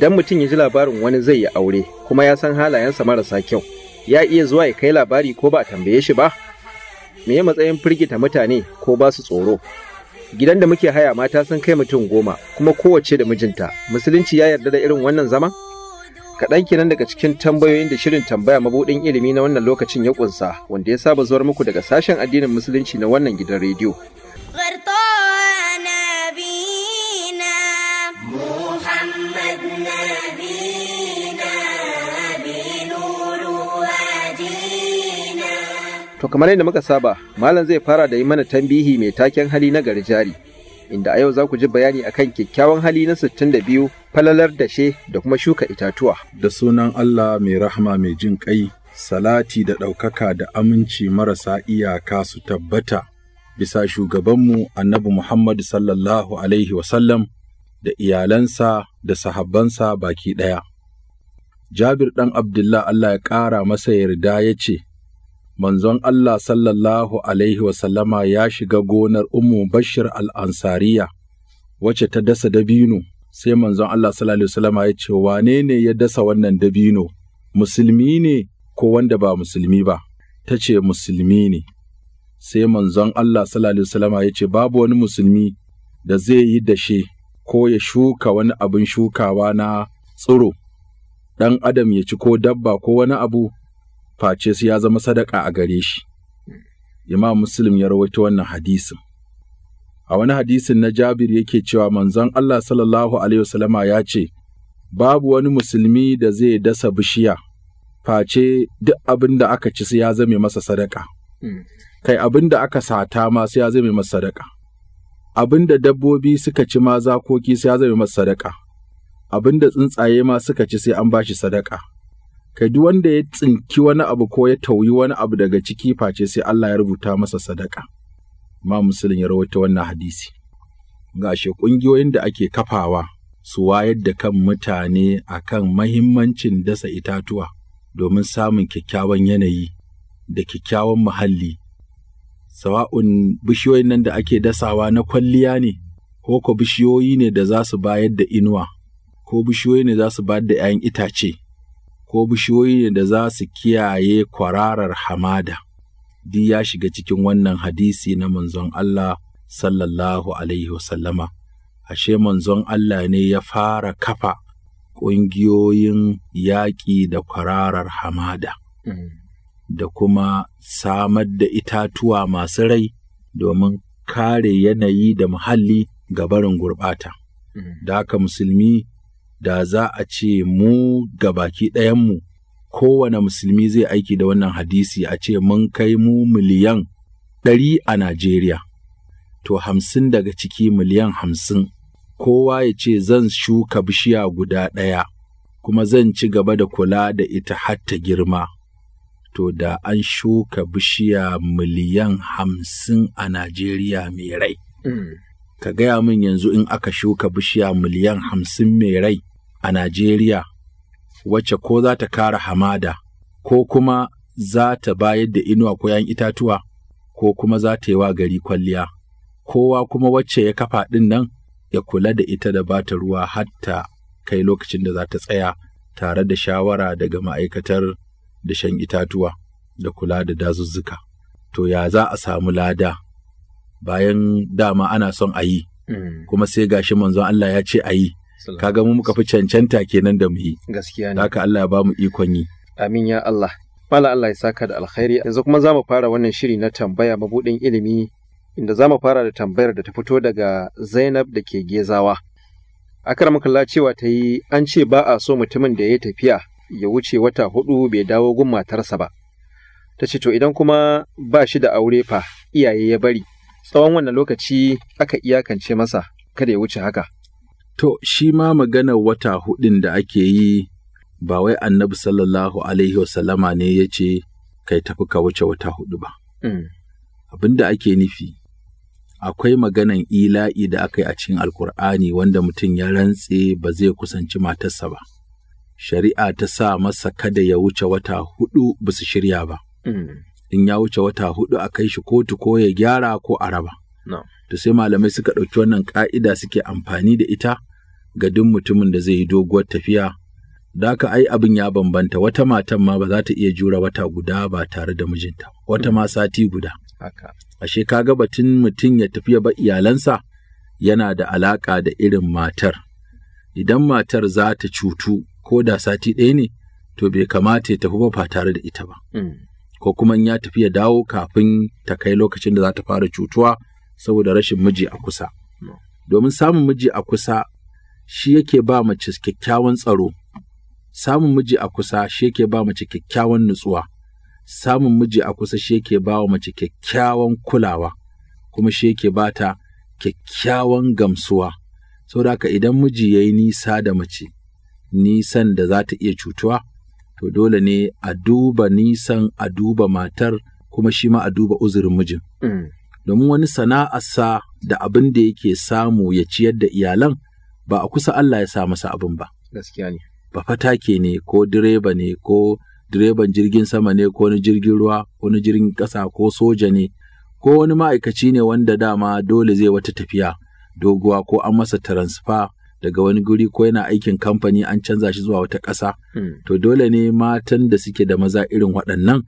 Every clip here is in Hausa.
idan mutum ya ji labarin wani zai yi aure kuma ya san halayensa marasa kyau ya iya zuwa ya kai labari ko ba a tambaye shi ba me ya matsayin firgita mutane ko ba su tsoro gidan da muke haya mata sun kai mutum goma kuma kowace da mijinta musulunci ya yarda da irin wannan zama kaɗan kenan daga cikin tambayoyin da shirin tambaya mabuɗin ilimi na wannan lokacin ya ƙunsa wanda ya saba zuwar muku daga sashen addinin musulunci na wannan gidan rediyo To kamar yadda muka saba, Malam zai fara da yi mana tambihi mai taken hali na gari jari, inda a yau za ku ji bayani akan kyakkyawan hali na 62 falalar dashe da kuma shuka itatuwa. Da sunan Allah mai rahama mai jin kai salati da ɗaukaka da aminci marasa iyaka su tabbata bisa shugabanmu annabi Muhammad sallallahu alaihi wasallam da iyalansa da sahabbansa baki ɗaya. Jabir ɗan Abdullah Allah ya ƙara masa yarda ya ce, manzon Allah sallallahu Alaihi wasallama ya shiga gonar Ummu Bashir al'ansariya, wacce ta dasa dabino, sai manzon Allah sallallahu Alaihi wasallama ya ce, Wane ne ya dasa wannan dabino, musulmi ne ko wanda ba musulmi ba? Ta ce, Musulmi ne. Sai manzon Allah sallallahu Alaihi wasallama ya ce, Babu wani musulmi da zai yi dashe ko ya shuka wani abin shukawa na tsiro, ɗan adam ya ci ko dabba ko wani abu. face su ya zama sadaka a gare shi. Imam Muslim ya rawaito wannan hadisin. A wani hadisin na Jabir yake cewa manzon Allah sallallahu Alaihi wasallama ya ce, Babu wani musulmi da zai dasa bishiya, face duk abin da aka ci su ya zame masa sadaka. Kai abin da aka sata ma su ya zame masa sadaka. Abin da dabbobi suka ci ma zakoki su ya zame masa sadaka. Abin da tsuntsaye ma suka ci sai an bashi sadaka. kai duk wanda ya tsinki wani abu ko ya tauyi wani abu daga ciki face sai Allah ya rubuta masa sadaka. Ma Musulun ya rawaita wannan hadisi. Gashe ƙungiyoyin da ake kafawa su wayar da kan mutane a kan mahimmancin dasa itatuwa domin samun kyakkyawan yanayi da kyakkyawan muhalli. Sawa'un bishiyoyin nan da ake dasawa na kwalliya ne, ko ko bishiyoyi ne da za su bayar da inuwa, ko bishiyoyi ne za su bayar da ‘ya'yan itace. ko bishiyoyi ne da za su kiyaye kwararar hamada, duk ya shiga cikin wannan hadisi na manzon Allah sallallahu Alaihi wasallama. Ashe manzon Allah ne ya fara kafa ƙungiyoyin yaƙi da kwararar hamada, da kuma samar da itatuwa masu rai domin kare yanayi da muhalli ga barin gurɓata. Da haka musulmi da za a ce mu ga gabaki ɗayanmu kowane musulmi zai aiki da wannan hadisi a ce mun kai mu miliyan ɗari a Najeriya. To hamsin daga ciki miliyan hamsin, kowa ya ce zan shuka bishiya guda ɗaya, kuma zan ci gaba da kula da ita har ta girma. To da an shuka bishiya miliyan hamsin a Najeriya mai rai. Mm. Ka gaya min yanzu in aka shuka bishiya miliyan hamsin mai rai, a Najeriya wacce ko za ta kara hamada ko kuma za ta bayar da inuwa ko ‘yan itatuwa ko kuma za ta yi wa gari kwalliya, kowa kuma wacce ya kafa ɗin nan ya kula da ita da bata ruwa hatta kai lokacin da za ta tsaya tare da shawara daga ma'aikatar da shan itatuwa da kula da dazuzzuka. To ya za a samu lada bayan dama ana son a yi, mm. kuma sai gashi manzon Allah ya ce a yi, kaga mu muka fi cancanta kenan da muhi gaskiya ne haka Allah ya ba mu ikon yi amin ya Allah mala Allah ya saka da alkhairi yanzu kuma za mu fara wannan shiri na tambaya mabudin ilimi inda za mu fara da tambayar da ta fito daga Zainab da ke Gezawa muka cewa ta yi an ce ba a so mutumin da ya tafiya ya wuce wata hudu bai dawo gun matarsa ba ta ce to idan kuma ba shi da aure fa iyaye ya bari tsawon wannan lokaci aka iyakance masa kada ya wuce haka To, shi ma maganar wata hudun da ake yi ba wai annabi sallallahu Alaihi wasallama ne ya ce, kai tafi ka wuce wata hudu ba. Abinda mm. Abin da ake nufi, akwai maganan ila'i da aka yi a cikin Alkur'ani wanda mutum ya rantse ba zai kusanci matarsa ba. Shari'a ta sa masa kada ya wuce wata hudu ba su shirya ba. Mm. In ya wuce wata hudu a kai shi kotu ko ya gyara ko a raba. No. To sai malamai suka ɗauki wannan ƙa'ida suke amfani da ita ga duk mutumin da zai yi doguwar tafiya Daka ai abin ya bambanta wata matan ma ba za ta iya jura wata guda ba tare da mijinta wata ma sati guda ashe kaga batun mutum ya tafiya ba iyalansa yana da alaƙa da irin matar idan matar za ta cutu ko da sati ɗaya ne to bai kamata ya tafi ba tare da ita ba mm. ko kuma in ya tafiya dawo kafin ta kai lokacin da za ta fara cutuwa saboda rashin miji a kusa mm. domin samun miji a kusa shi yake ba mace kyakkyawan tsaro, samun miji a kusa shi yake ba mace kyakkyawan nutsuwa, samun miji a kusa shi yake ba wa mace kyakkyawan kulawa, kuma shi yake ba ta kyakkyawan gamsuwa. Saboda haka idan miji ya yi nisa da mace, nisan da za ta iya cutuwa, to dole ne a duba nisan a duba matar kuma shi ma a duba uzurin mijin. Mm. Domin wani sana'arsa da abin da yake samu ya ciyar da iyalan, ba a kusa Allah ya sa masa abin ba. Gaskiya ne. Ba fatake ne ko direba ne ko direban jirgin sama ne ko wani jirgin ruwa ko wani jirgin ƙasa ko soja ne ko wani ma'aikaci ne wanda dama dole zai wata tafiya doguwa ko an masa transfer daga wani guri ko yana aikin kamfani an canza shi zuwa wata ƙasa. Hmm. To dole ne matan da suke da maza irin waɗannan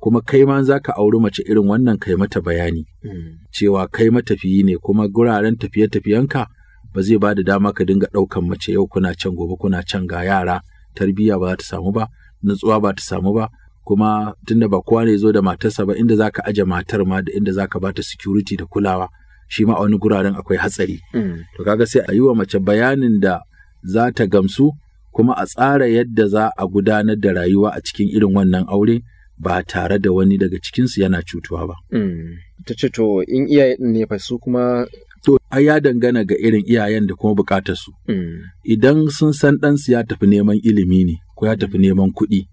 kuma kai ma za ka auri mace irin wannan kai mata bayani. Hmm. Cewa kai matafiyi ne kuma guraren tafiye-tafiyenka ba zai ba da dama ka dinga ɗaukan mace yau kuna can gobe kuna can ga yara tarbiyya ba ta samu ba nutsuwa ba ta samu ba kuma tunda ba kowa ne zo da matarsa ba inda zaka aje matar ma da inda zaka bata security da kulawa shi ma a wani guraren akwai hatsari hmm. to kaga sai a yi wa mace bayanin da za ta gamsu kuma a tsara yadda za a gudanar da rayuwa a cikin irin wannan aure ba tare da wani daga cikinsu yana cutuwa ba. Hmm. Ta ce to in iyaye ne fa su kuma To, ai ya dangana ga irin iyayen da kuma bukatar su hmm. Idan sun san ɗansu ya tafi neman ilimi ne, ko ya tafi neman kuɗi,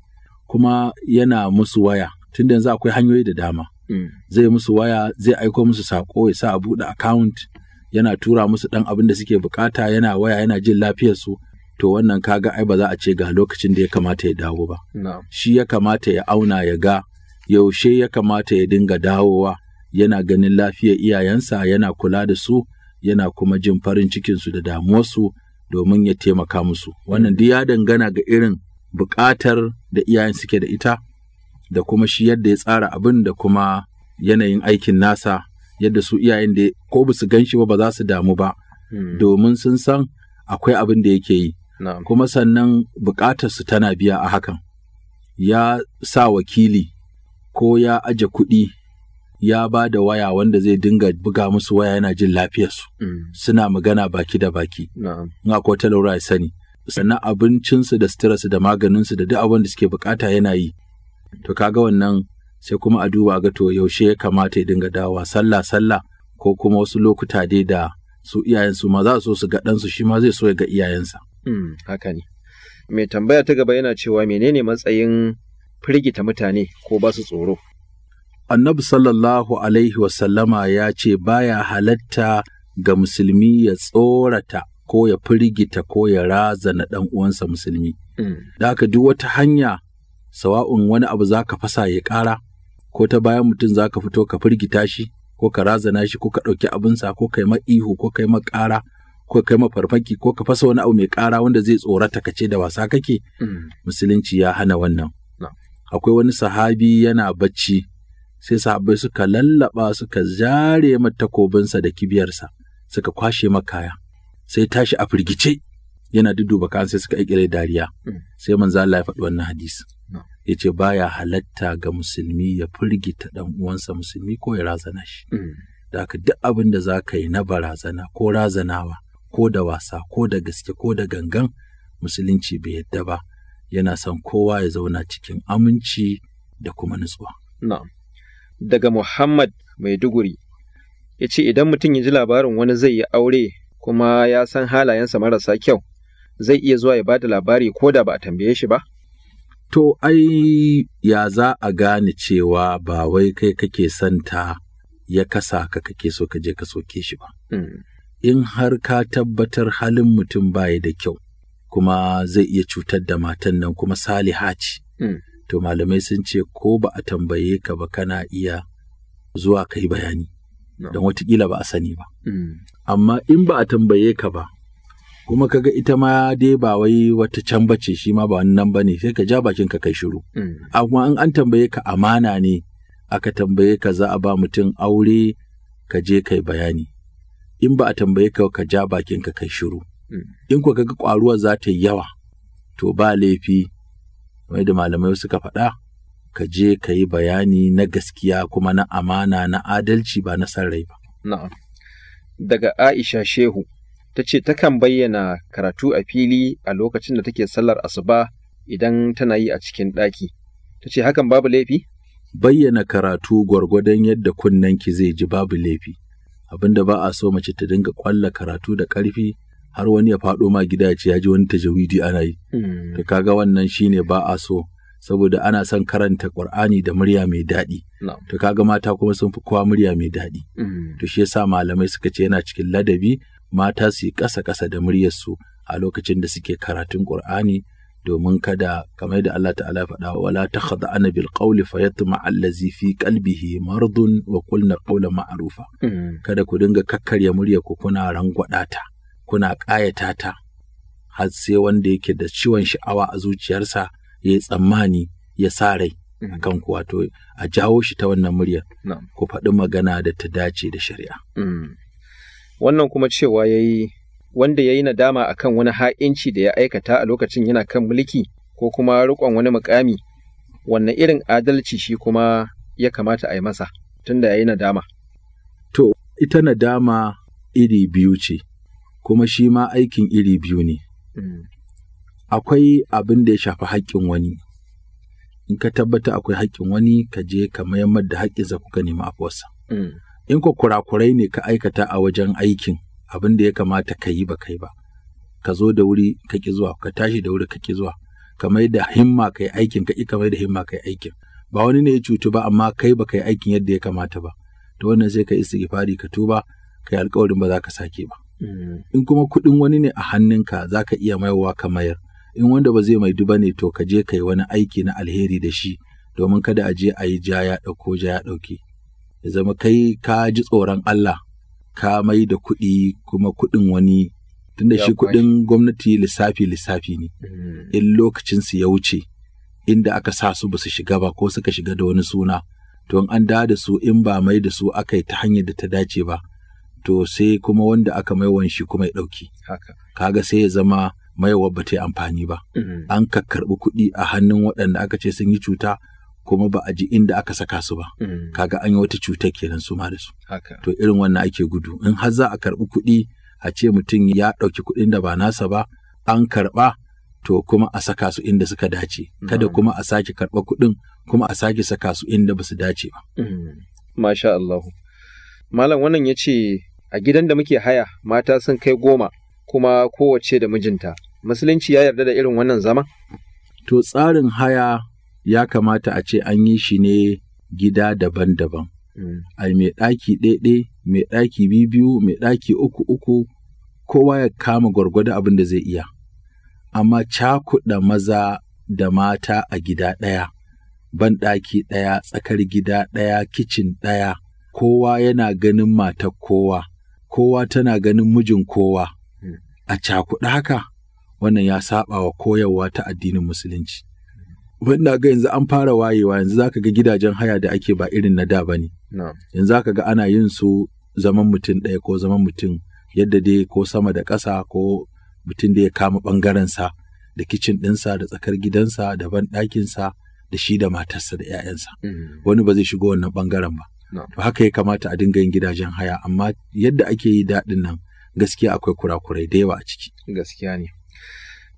kuma yana musu waya, tun yanzu akwai hanyoyi da dama. Hmm. Zai musu waya, zai aiko musu sako ya sa a buɗe account, yana tura musu ɗan abin da suke bukata, yana waya, yana jin lafiyar su To wannan kaga ai ba za a ce ga lokacin da ya kamata ya dawo ba. Shi ya kamata ya auna ya ga yaushe ya kamata ya dinga dawowa yana ganin lafiyar iyayensa yana kula da su yana kuma jin farin cikinsu da damuwarsu domin ya taimaka musu wannan duk ya dangana ga irin buƙatar da iyayen suke da ita da kuma shi yadda ya tsara abin da kuma yanayin aikin nasa yadda su iyayen da ko ba su shi ba ba za su damu ba hmm. domin sun san akwai abin da yake yi kuma sannan buƙatar su tana biya a hakan ya sa wakili ko ya aje kuɗi ya ba da waya wanda zai dinga buga musu waya yana jin lafiyarsu. Mm. Suna magana baki da baki. In akwai wata laura ya sani. Sannan abincinsu da suturarsu da maganinsu da duk abin da suke bukata yana yi. To kaga wannan sai kuma a duba ga to yaushe ya kamata ya dinga dawa sallah sallah ko kuma wasu lokuta dai da su iyayensu ma za su so su ga ɗansu shi ma zai so ya ga iyayensa. Mm, haka ne. Mai tambaya ta gaba yana cewa menene matsayin firgita mutane ko ba su tsoro? Annabi sallallahu Alaihi wasallama ya ce baya halatta ga musulmi ya tsorata ko ya firgita ko ya razana ɗan uwansa musulmi. Mm. Da haka duk wata hanya sawa'un wani abu za ka fasa ya ƙara ko ta bayan mutum za ka fito ka firgita shi ko ka razana shi ko ka ɗauki abinsa ko ka yi ihu ko ka yi ƙara ko ka yi farfaki ko ka fasa wani abu mai ƙara wanda zai tsorata ka ce da wasa kake mm. musulunci ya hana wannan. Akwai wani sahabi yana bacci sai sahabbai suka lallaba suka zare mata takobinsa da kibiyarsa suka kwashe makaya sai tashi a firgice yana duduba kan sai suka ikire dariya hmm. sai manzo Allah ya faɗi wannan hadisi ya ce baya halatta ga musulmi ya firgita dan uwansa musulmi ko ya razana shi hmm. da haka duk abin da za ka yi na barazana ko razanawa ko da wasa ko da gaske ko da gangan musulunci bai yadda ba yana son kowa ya zauna cikin aminci da kuma nutsuwa. Na'am. daga Muhammad Maiduguri ya ce idan mutum ya ji labarin wani zai yi aure kuma ya san halayensa marasa kyau zai iya zuwa ya ba da labari ko da ba a tambaye shi ba? To ai ya za a gane cewa ba wai kai kake santa ya kasa ka kake so ka je ka soke shi ba. Hmm. In har ka tabbatar halin mutum baya da kyau kuma zai iya cutar da matan nan kuma saliha ce. Hmm. to malamai sun ce ko ba a tambaye ka ba kana iya zuwa ka yi bayani don watakila ba a sani ba mm. amma in ba a tambaye ka ba kuma kaga ita ma dai ba wai wata can bace shi ma ba wannan ne. sai ka ja bakin ka kai shiru mm. amma in an tambaye ka amana ne aka tambaye ka za a ba mutum aure ka je kai bayani in ba a tambaye ka ka ja bakin ka kai shiru mm. in ko kaga kwaruwar za ta yi yawa to ba laifi kamar da malamai suka faɗa ka je ka yi bayani na gaskiya kuma na amana na adalci ba na san ba na'am daga Aisha Shehu ta ce takan bayyana karatu a fili a lokacin da take sallar asuba idan tana yi a cikin ɗaki ta ce hakan babu laifi bayyana karatu gwargwadon yadda kunnenki zai ji babu laifi Abin da ba a so mace ta dinga kwalla karatu da ƙarfi har wani ya faɗo ma gida ya ce ya ji wani tajawidi ana yi hmm. to kaga wannan shine ba a so saboda ana son karanta Qur'ani da murya mai daɗi to kaga mata kuma sun fi kowa murya mai daɗi hmm. to shi yasa malamai suka ce yana cikin ladabi mata su yi ƙasa ƙasa da muryar su a lokacin da suke karatun Qur'ani domin kada kamar da Allah ta'ala ya faɗa wala takhadha ana bil qawli fayatma allazi fi qalbihi maradun wa qulna qawlan ma'rufa hmm. kada ku dinga kakkarya murya ku kuna rangwada ta kuna ƙayata ta, har sai wanda yake da ciwon sha'awa a zuciyarsa ya yi tsammani ya sa rai mm. a kan ku wato a jawo shi ta wannan muryar ku faɗi magana da ta dace da shari'a. Mm. Wannan kuma cewa ya yi wanda ya yi nadama a kan wani ha'inci da ya aikata a lokacin yana kan mulki ko kuma riƙon wani mukami wanne irin adalci shi kuma ya kamata a yi masa tunda ya yi nadama. To, ita nadama iri biyu ce. kuma shi ma aikin iri biyu ne. Mm. Akwai abin da ya shafi haƙƙin wani, in ka tabbata akwai haƙƙin wani ka je ka mayammar da haƙƙinsa kuka nemi afuwarsa. Mm. In ka kurakurai ne ka aikata a wajen aikin abin da ya kamata ka yi ba kai ba, ka zo da wuri ka ki zuwa, ka tashi da wuri ka ki zuwa, ka mai da himma ka yi aikin, ka ƙi mai da himma ka yi aikin. Ba wani ne ya cutu ba amma kai ba ka yi aikin yadda ya kamata ba, to wannan sai ka istighfari ka tuba, ka yi alƙawarin ba za ka sake ba. in kuma kuɗin wani ne a hannunka za ka iya maiwa ka mayar in wanda ba zai maidu ba ne to ka je ka yi wani aiki na alheri da shi domin kada a je a yi ja ya ɗauko ja ya ɗauke ya zama kai ka ji tsoron Allah ka mai da kuɗi kuma kuɗin wani tunda shi kuɗin gwamnati lissafi lissafi ne mm. in lokacinsu ya wuce inda aka sa su ba su shiga ba ko suka shiga da wani suna to an da da su in ba mai da su aka ta hanyar da ta dace ba to sai kuma wanda aka maiwan shi kuma ya ɗauki. Kaga sai ya zama maiwa ba ta yi amfani ba. Mm-hmm. An ka karɓi kuɗi a hannun waɗanda aka ce sun yi cuta kuma ba a ji inda aka saka su ba. Mm-hmm. Kaga an yi wata cuta kenan su ma da su. To irin wannan ake gudu. In har za a karɓi kuɗi a ce mutum ya ɗauki kuɗin da ba nasa ba an karɓa to kuma a saka su inda suka dace. Mm-hmm. Kada kuma a sake karɓa kuɗin kuma a sake saka su inda ba su dace ba. Masha Allahu. Malam wannan ya ce A gidan da muke haya mata sun kai goma kuma kowace da mijinta. Musulunci ya yarda da irin wannan zama? To tsarin haya ya kamata a ce an yi shi ne gida daban-daban. a mm. Ai mai ɗaki ɗaiɗe, mai ɗaki biyu, mai ɗaki uku uku, kowa ya kama gwargwado abin da zai iya. Amma cakuɗa maza da mata a gida ɗaya, ban ɗaki ɗaya, tsakar gida ɗaya, kicin ɗaya, kowa yana ganin matar kowa. kowa tana ganin mijin kowa hmm. a cakuɗa haka wannan ya saba wa koyarwa ta addinin musulunci. Wanda ga yanzu an fara wayewa yanzu zaka ga gidajen haya da ake ba irin na da ba ne. Yanzu zaka ga ana yin su zaman mutum ɗaya ko zaman mutum yadda dai ko sama da ƙasa ko mutum da ya kama ɓangarensa da kicin ɗinsa da tsakar gidansa da ban ɗakinsa da shi da matarsa da 'ya'yansa. Hmm. Wani ba zai shigo wannan ɓangaren ba. haka ya kamata a dinga yin gidajen haya amma yadda ake yi daɗin nan gaskiya akwai kurakurai da yawa a ciki gaskiya ne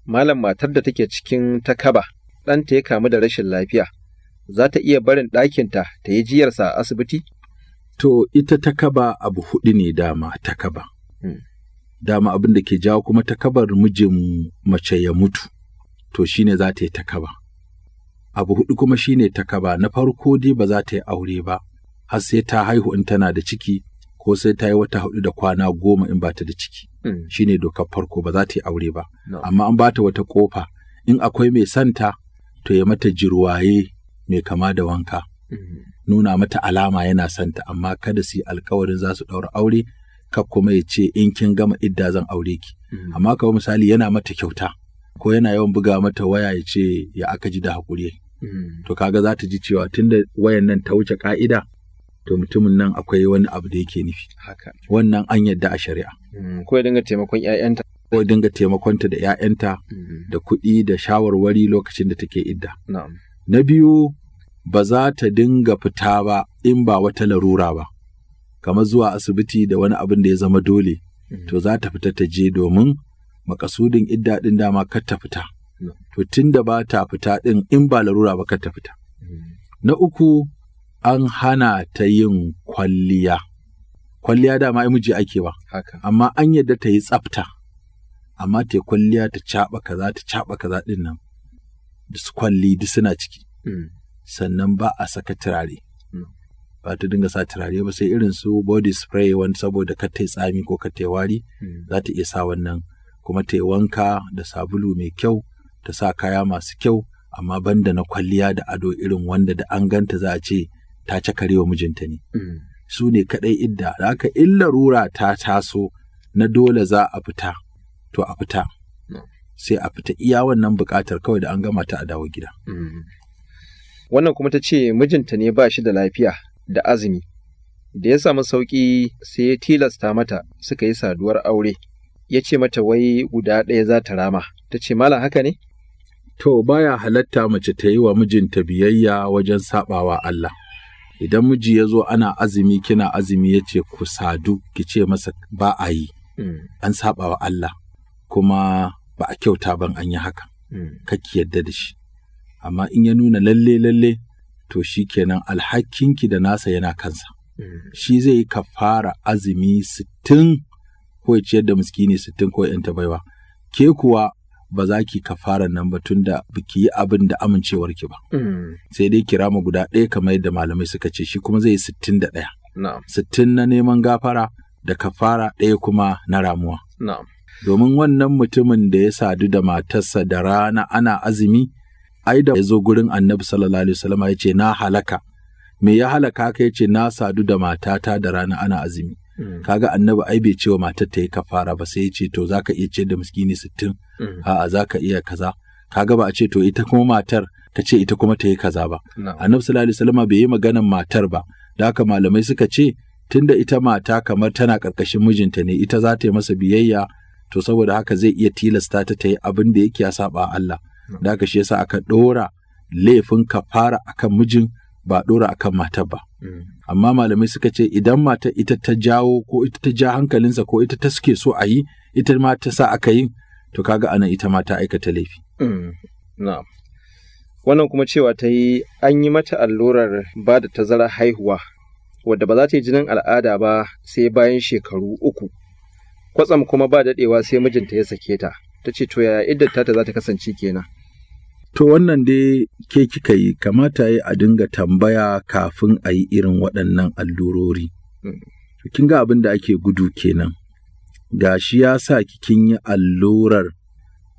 malam matar da take cikin takaba ɗanta ya kamu da rashin lafiya za ta iya barin ɗakinta ta yi jiyarsa a asibiti to ita takaba abu huɗu ne dama takaba kaba hmm. dama abin da ke jawo kuma takabar mijin mace ya mutu to shine za ta yi takaba abu huɗu kuma shine takaba na farko dai ba za ta yi aure ba har sai ta haihu in tana da ciki ko sai ta yi wata hudu da kwana goma in ba ta da ciki hmm. shine dokar farko ba za ta yi aure ba amma an bata wata kofa in akwai mai santa to ya mata jirwaye mai kama da wanka hmm. nuna mata alama yana santa amma kada su yi alkawarin za su ɗaura aure ka kuma ya ce in kin gama idda zan aure ki hmm. amma kawai misali yana mata kyauta ko yana yawan buga mata waya ya ce ya aka ji da haƙuri to kaga za ta ji cewa tunda wayan nan ta wuce ka'ida to mutumin nan akwai wani abu da yake nufi wannan an yadda a shari'a mm, ko ya dinga taimakon ƴaƴanta ko dinga taimakonta da ‘ya'yanta mm-hmm. da kuɗi da shawarwari lokacin da take idda. Na biyu, ba za ta dinga fita ba in ba wata larura ba, kamar zuwa asibiti da wani abin da ya zama dole, mm-hmm. to za ta fita ta je domin makasudin idda ɗin dama kar ta fita. To tun da ba ta fita ɗin in ba larura ba kar ta fita. Mm-hmm. Na uku, an hana ta yin kwalliya. Kwalliya dama ai miji ake ba. Amma an yadda ta yi tsafta. Amma ta kwalliya ta caɓa kaza ta caɓa kaza ɗin nan. Da su kwalli duk suna ciki. Hmm. Sannan ba a saka turare. Hmm. Ba ta dinga sa turare ba sai irin su body spray wani saboda kar ta tsami ko ka ta wari. Hmm. Za ta iya sa wannan kuma ta yi wanka da sabulu mai kyau ta sa kaya masu kyau amma banda na kwalliya da ado irin wanda da an ganta za a ce ta cakarewa mijinta ne. Mm. Su ne kaɗai idda, da aka illa rura ta taso na dole za a fita, to a fita. Sai a fita iya wannan buƙatar kawai da an gama ta a dawo gida. Mm. Wannan kuma ta ce mijinta ne ba shi da lafiya da azumi, da ya samu sauƙi sai ya tilasta mata suka yi saduwar aure. Ya ce mata wai guda ɗaya za ta rama, ta ce malam haka ne? to baya halatta mace ta yi wa mijinta biyayya wajen saɓawa Allah. idan miji ya zo ana azumi kina azumi ya ce ku sadu ki ce masa ba a yi mm. an saba wa Allah kuma ba a kyauta ban an yi haka mm. ki yadda da shi amma in ya nuna lalle lalle to shi kenan alhakinki da nasa yana kansa mm. shi zai yi ka fara azumi sittin ko ya ciyar da miskini sittin ko yanta baiwa ke kuwa ba za ki kafara nan ba tunda ba ki yi abin da amincewar ki ba. Mm. Sai dai kira mu guda ɗaya kamar yadda malamai suka ce shi kuma zai yi sittin da ɗaya. Sittin na neman gafara da kafara ɗaya kuma na ramuwa. Domin wannan mutumin da ya sadu da matarsa da rana ana azumi, ai da ya zo gurin annabi sallallahu alaihi wasallam ya ce na halaka. Me ya halaka ka ya ce na sadu da matata da rana ana azumi. Mm. kaga annabi ai bai cewa matar ta yi kafara ba sai ya ce to zaka iya ce da miskini sittin mm. a'a zaka iya kaza kaga ba a ce to ita kuma matar ta ce ita kuma ta yi kaza ba annabi sallallahu alaihi bai yi maganan matar ba da haka malamai suka ce tunda ita mata kamar tana karkashin mijinta ne ita za ta yi masa biyayya to saboda haka zai iya tilasta ta ta yi abin da yake ya saba Allah da haka shi yasa aka dora laifin kafara akan mijin ba ɗora akan mata ba. Mm. Amma malamai suka ce idan mata ita ta jawo ko ita ta ja hankalinsa ko ita ta suke so a yi ita ma ta sa aka yi to kaga anan ita ma ta aikata laifi. Mm. Wannan kuma cewa ta yi an yi mata allurar ba da tazara haihuwa wadda ba za ta yi jinin al'ada ba sai bayan shekaru uku. Kwatsam kuma ba daɗewa sai mijinta ya sake ta. Ta ce to yaya iddata ta za ta kasance kenan. To wannan dai ke kika yi kamata yi a dinga tambaya kafin a yi irin waɗannan allurori. Mm. Kin ga abin da ake gudu kenan. Ga shi ya sa kin yi allurar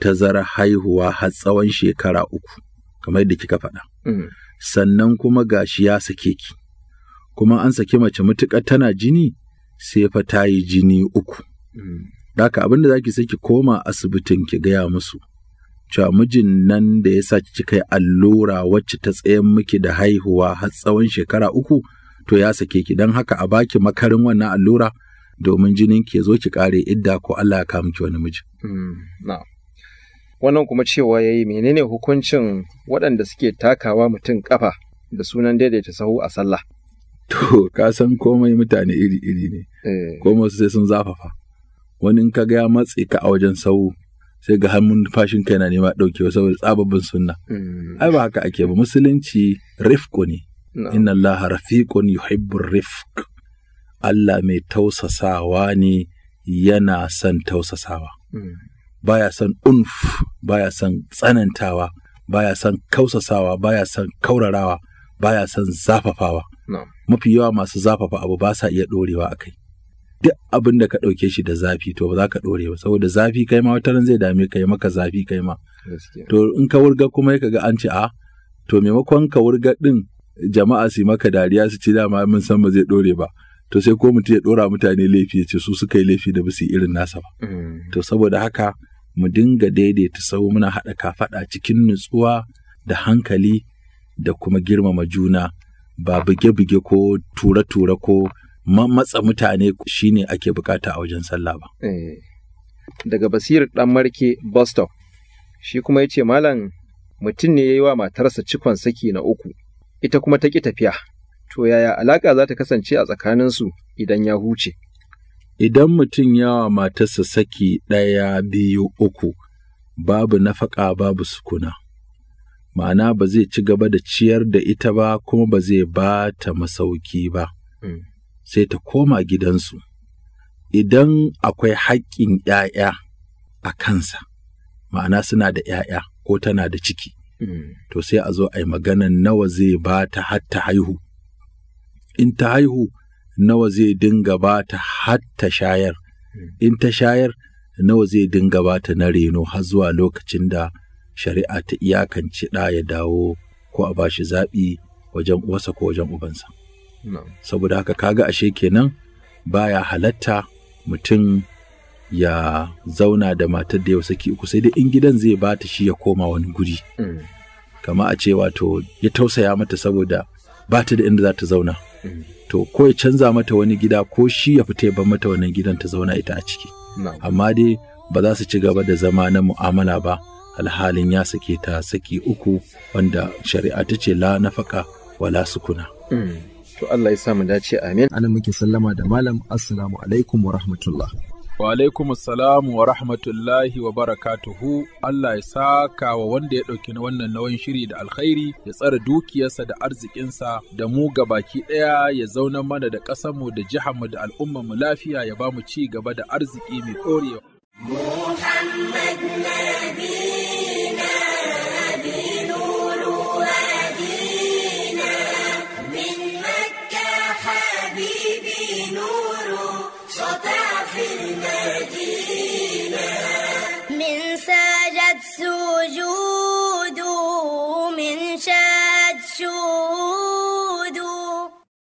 tazara haihuwa har tsawon shekara uku, kamar da kika faɗa. Mm. Sannan kuma ga shi ya sake ki. Kuma an sake mace matuƙar tana jini sai fa ta yi jini uku. Mm. Daka abin da za ki sai ki koma asibitin ki gaya musu. cewa mijin nan da ya sa kika yi allura wacce ta tsayen miki da haihuwa har tsawon shekara uku to ya sake ki don haka a baki makarin wannan allura domin jinin ki zo ki kare idda ko Allah ya kawo miki wani miji. Hmm, wannan kuma cewa ya yi menene hukuncin waɗanda suke takawa mutum kafa da sunan daidaita sahu a sallah. To, ka san komai mutane iri-iri ne, eh. komai sai sun zafafa. Wani in ka ga ya matse ka a wajen sahu, sai ga hannun fashin kai na nema ɗaukewa saboda tsababin sunna hmm. ai ba haka ake ba musulunci rifko ne inna allaha rafiqun yuhibbu rifq Allah mai tausasawa ne yana son tausasawa hmm. baya son unf baya son tsanantawa baya son kausasawa baya son kaurarawa baya son zafafawa mafi yawa masu zafafa abu ba sa iya ɗorewa a kai duk abin da ka ɗauke shi da zafi to ba za ka ɗore ba saboda zafi kai ma ran zai dame ka maka zafi kai ma to in ka wurga kuma ka ga an ce a ah, to maimakon ka wurga din jama'a su maka dariya su ce dama mun san ba zai ɗore ba to sai ko mutum ya ɗora mutane laifi ya ce su suka yi laifi da basu irin nasa ba mm. to saboda haka mu dinga daidaita sau muna haɗa kafaɗa cikin nutsuwa da hankali da kuma girmama juna ba buge-buge ko ture-ture ko matsa mutane shi ne ake bukata a wajen sallah ba. Eh, daga Basir ɗan marke Boston, shi kuma ya ce malam mutum ne ya yi wa matarsa cikon saki na uku, ita kuma ta ƙi tafiya. To yaya alaƙa za ta kasance a tsakaninsu idan ya huce? Idan mutum ya wa matarsa saki ɗaya biyu uku, babu nafaka babu sukuna. ma'ana ba zai ci gaba da ciyar da ita ba kuma ba zai ba ta masauki ba. Hmm. sai ta koma gidansu idan akwai haƙƙin ‘ya'ya a kansa ma'ana suna da ‘ya'ya ko tana da ciki hmm. to sai a zo a yi maganan nawa zai ba ta hatta haihu in ta haihu nawa zai dinga ba ta hatta shayar hmm. in ta shayar nawa zai dinga ba ta na reno har zuwa lokacin da shari'a ta iyakance ɗa ya dawo ko a ba shi zaɓi wajen uwarsa ko wajen ubansa. Saboda haka kaga ashe kenan baya halatta mutum ya zauna da matar da ya saki uku sai dai in gidan zai bata shi ya koma wani guri. Mm. Kama a cewa to ya tausaya mata saboda bata da inda za ta zauna. Mm. To ko ya canza mata wani gida ko shi ya fita ya bar mata wannan gidan ta zauna ita a ciki. Amma dai ba za su ci gaba da zama na mu'amala ba alhalin ya sake ta saki uku wanda shari'a ta ce la nafaka wala sukuna. Mm. to Allah ya sa mu dace amin anan muke sallama da malam assalamu alaikum wa rahmatullah wa alaikum assalam wa rahmatullahi wa barakatuhu Allah ya saka wa wanda ya ɗauki wannan nawan shiri da alkhairi ya tsara dukiyarsa da arzikinsa da mu ga baki ɗaya ya zauna mana da ƙasarmu da mu da al'umma mu lafiya ya ba mu ci gaba da arziki mai ɗorewa. Muhammad Nabi